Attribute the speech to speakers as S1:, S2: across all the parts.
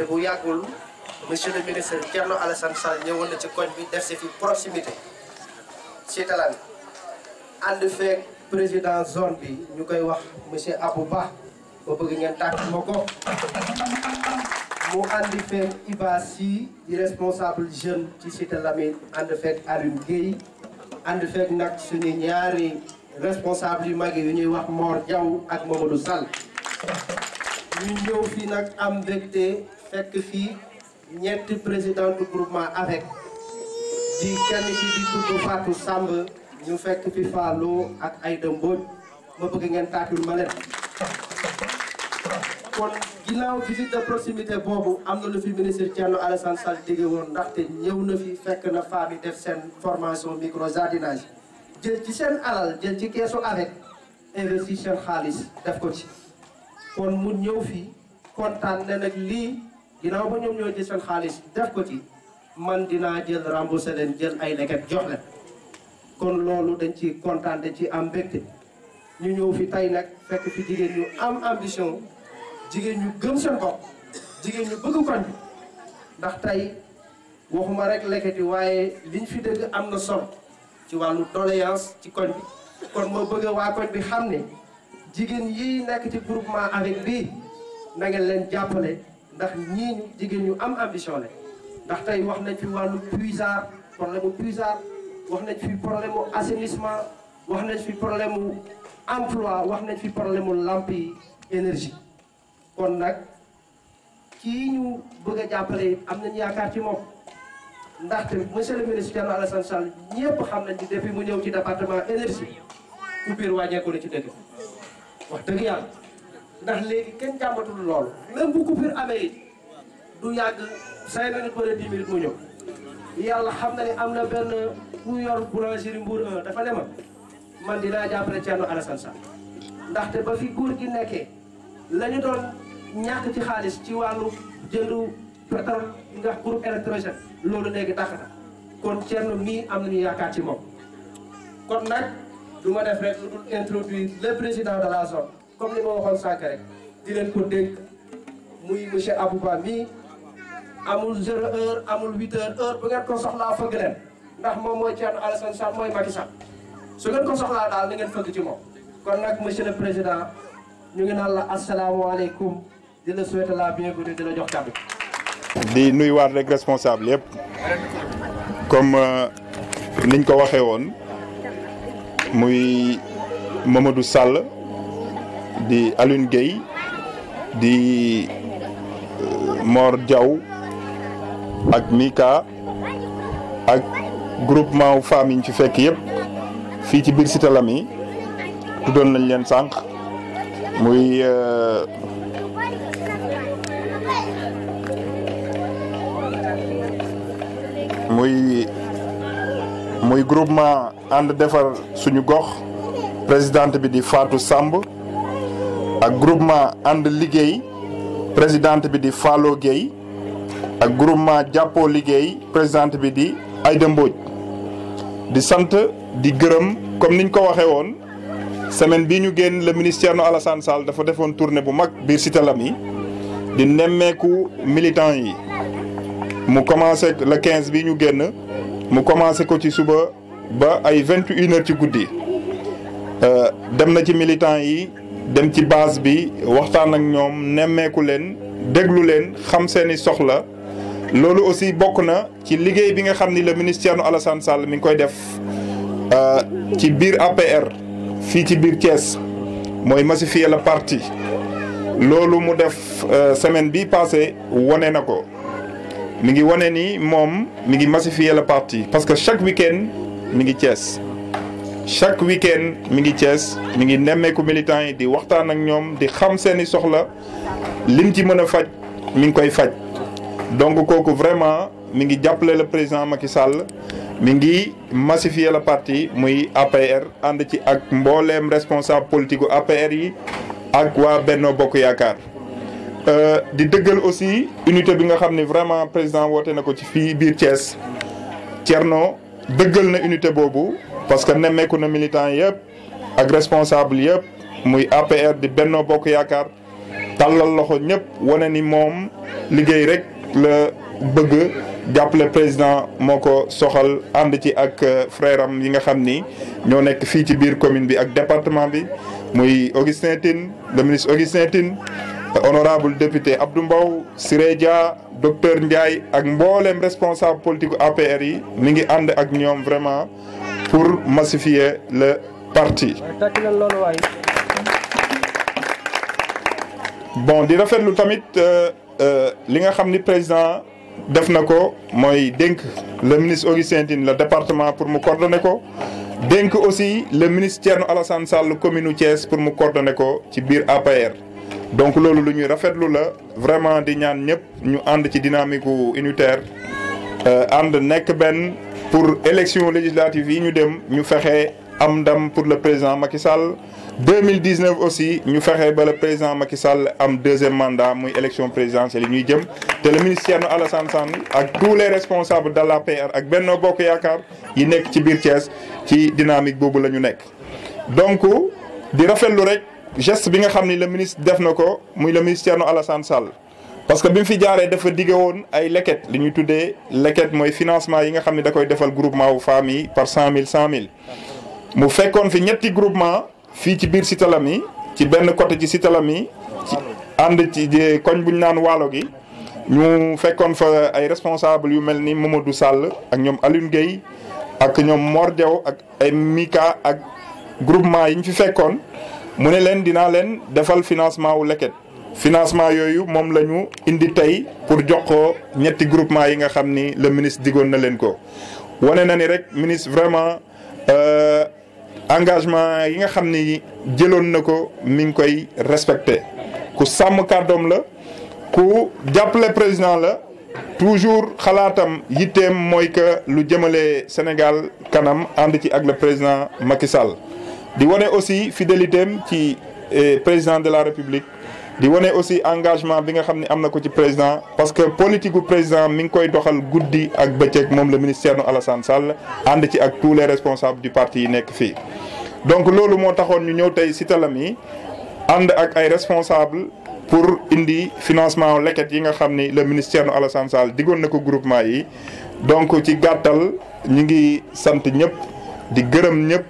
S1: te bu yàggul monsieur le ministre Thierno Alassane Sall ñëwoon na ci koñ bi def si fi proximité ci talaan ànd feeg président zone bi ñu koy wax monsieur Abou Ba ba bëgg ngeen tàkk ma ko mu ànd feeg Iba Sy responsable jeune ci cité Lamine ànd feeg Alioune Guèye ànd feeg nag suñu ñaari responsable yu mag yu ñuy wax Mor Diaw ak Mamadou Sall ñu ñëw fii nag am mbégte fekk fi ñeenti président du groupement avec di kenn ci di tudd Fatou ñu fekk fi Fallou ak Aïda Mbodj ma bëgg ngeen taatul ma leen kon ginnaaw visite de proximité boobu am na lu fi ministre Thierno Alassane Sall digge woon ndaxte ñëw na fi fekk na femme yi def seen formation micro jardinage jël ci seen alal jël ci keesu avec investi seen xaalis def ko ci kon mu ñëw fi kontaan ne nag lii ginnaaw ba ñoom ñoo jël seen xaalis def ko ci man dinaa jël remboursé leen jël ay leket jox leen kon loolu dañ ci kontaan dañ ci am mbégte ñu ñëw fi tey nag fekk fi jigéen ñu am ambition jigéen ñu gëm seen bopp jigéen ñu bëgg koñ ndax tey waxuma rek leket yi waaye liñ fi dëgg am na sol ci wàllu doléance ci koñ bi kon moo bëgg waa koñ bi xam ne jigéen yi nekk ci groupement avec bii na ngeen leen jàppale ndax ñii ñu jigéen ñu am ambition la ndax tey wax nañ fi wàllu puisard problème mu puisard wax nañ fi problème mu wax nañ fi problème mu emploi wax nañ fi problème mu lampe yi énergie kon nag kii ñu bëgg a jàppale am nañu yaakaar ci moom ndaxte monsieur le ministre Thierno Alassane Sall ñëpp xam nañ ni mu ñëw ci département énergie ku biir wàññeeku na ci dëkk wax dëgg yàlla ndax léegi kenn jàmbatul loolu même bu coupure amee it du yàgg cinq minutes ba dix minutes mu ñëw yàlla xam na ne am na benn ku yor boulangerie Mbour 1 dafa ne ma man dinaa jàppale Thierno Alassane Sall ndaxte ba fi góor gi nekkee lañu ñu doon ñàkk ci xaalis ci wàllu jëndu pétrole ndax groupe électrogène loolu léegi tax kon Thierno mii am nañu yaakaar ci moom kon nag du ma def rek lu dul président de la zone comme li ma waxoon sànq rek di ko dénk muy monsieur Abouba mii amul heure amul huit heures heure bu ngeen ko soxlaa fëgg leen ndax moom mooy Thierno Alassane Sall mooy Macky Sall su ngeen ko soxlaa daal na ngeen fëgg ci moom. kon nag monsieur président ñu ngi naan la asalaamaaleykum di la souhaiter la bienvenue di la jox kàddu.
S2: di nuyuwaat rek responsable yëpp comme euh, niñ ko waxee woon muy Mamadou Sall. di Alioune Gueye di euh, Mor Diaw ak miika ak groupement wu yiñ yi ci fekk yëpp fii ci biir Cité Lamy tuddoon nañ leen sànq muy euh, muy muy groupement ànd defar suñu gox président bi di faatu sàmb ak groupement ànd liggéey présidente bi di Fallou géey ak groupement jàppoo liggéey présidente bi di Aïda Mbodj di sant di gërëm comme niñ ko waxee woon semaine bi ñu génn le ministère no Alassane Sall dafa defoon tournée bu mag biir Cité Lamy di nemmeeku militant yi mu commencé le 15 bi ñu génn mu commencé ko ci suba ba ay 21 heures ci guddi euh, dem na ci militant yi dem ci base bi waxtaan ak ñoom nemmeeku leen déglu leen xam seeni soxla loolu aussi bokk na ci liggéey bi nga xam ni la ministère nu Alassane Sall mi ngi koy def euh, ci biir APR fii ci biir Thiès mooy massifier la parti loolu mu def euh, semaine bi passé wane na ko mu ngi wane ni moom mu ngi massifier la parti parce que chaque week-end mi ngi cees chaque week-end mi ngi cees mi ngi nemmeeku militants yi di waxtaan ak ñoom di xam seeni soxla liñ ci mën a faj mu ngi koy faj donc kooku vraiment mi ngi jàppale le président Macky Sall mi ngi massifier le parti muy APR ànd ci ak mbooleem responsable politique gu APR yi ak waa Benno Bokk Yaakaar. Euh, di dëggal aussi unité bi nga xam ne vraiment président woote na ko ci fii biir Thiès Thierno dëggal na unité boobu. parce que nemmeeku na militant yëpp ak responsable yëpp muy APR di Benno Bokk Yaakaar tàllal loxo ñëpp wane ni moom liggéey rek la bëgg jàppale président moo ko soxal ànd ci ak euh, frère am yi nga xam ni ñoo nekk fii ci biir commune bi ak département bi muy Augustin Tine le ministre Augustin Tine honorable député Abdou Mbow Siré Dia docteur Ndiaye ak mboolem responsable politique APR yi mi ngi ànd ak ñoom vraiment pour massifier le parti. bon di rafetlu tamit euh, euh, li nga xam ni président def na ko mooy dénk le ministre Augustin Tine la département pour mu coordonner ko dénk aussi le ministre Thierno Alassane Sall commune u pour mu coordonner ko ci biir APR. donc loolu lu ñuy rafetlu la vraiment di ñaan ñëpp ñu ànd ci dynamique unitaire euh, ànd nekk benn. pour élection législative yi ñu dem ñu fexe am ndam pour le président Macky Sall 2019 aussi ñu fexe ba le président Macky Sall am deuxième mandat muy élection présidentielle yi ñuy jëm te le ministère nu Alassane Sall ak tous les responsables de l'APR ak Benno Bokk Yaakaar yi nekk ci biir Thiès ci dynamique boobu la ñu nekk. donc di rafetlu rek geste bi nga xam ni le ministre def na ko muy le ministère nu Alassane sal parce que bi mu fi jaaree dafa dige woon ay leket lu ñuy tuddee leket mooy financement yi nga xam ne da koy defal groupement wu femmes yi par cent mille cent mille mu fekkoon fi ñetti groupement fii ci biir Sitalam yi ci benn côté ci si talami ci ànd ci koñ bu naan waalo gi ñu fekkoon fa ay responsable yu mel ni Mamadou sàll ak ñoom Alioune ak ñoom Mor Diaw ak ay Mika ak groupement yi ñu fi fekkoon mu ne leen dinaa leen defal financement wu leket financement yooyu moom la ñu indi tey pour jox ko ñetti groupement yi nga xam ni le ministre digoon na leen ko wane na ni rek ministre vraiment euh, engagement yi nga xam ni jëloon na ko mi ngi koy respecté ku sàmm kàddoom la ku jàppale président la toujours xalaatam yitteem mooy que lu jëmale Sénégal kanam ànd ci ak le président Macky di wane aussi fidélité am ci eh, président de la République di wane aussi engagement bi nga xam ni am na ko ci président parce que politique bu président mi ngi koy doxal guddi ak bëccëg moom le ministère nu Alassane Sall ànd ci ak tous les responsables du parti yi nekk fii. donc loolu moo taxoon ñu ñëw tey si talam yi ànd ak ay responsables pour indi financement leket yi nga xam ni le ministère nu Alassane Sall diggoon na ko groupement yi donc ci gàttal ñu ngi sant ñëpp di gërëm ñëpp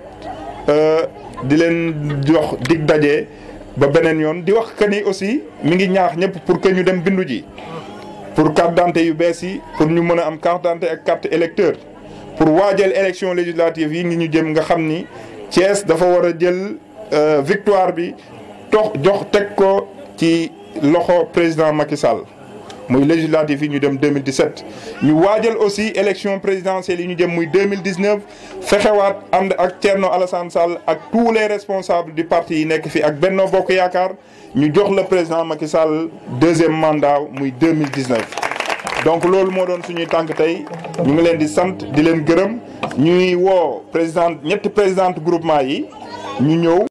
S2: euh, di leen jox dig daje. ba beneen yoon di wax que ni aussi mi ngi ñaax ñëpp pour que ñu dem bindu ji pour carte d'identité yu bees yi pour ñu mën a am carte d'identité ak carte électeur pour waa waajal élection législative yi ngi ñu jëm nga xam ni Thiès dafa war a jël euh, victoire bi tox jox teg ko ci loxo président Macky Sall. muy législative yi ñu dem 2017 ñu waajal aussi élection présidentielle yi ñu jëm muy 2019 fexewaat ànd ak Thierno Alassane Sall ak tous les responsables du parti yi nekk fi ak Benno Bokk Yaakaar ñu jox le président Macky Sall deuxième mandat muy 2019. donc loolu moo doon suñuy tànk tey ñu ngi leen di sant di leen gërëm ñuy woo présidente ñetti présidente groupement yi ñu ñëw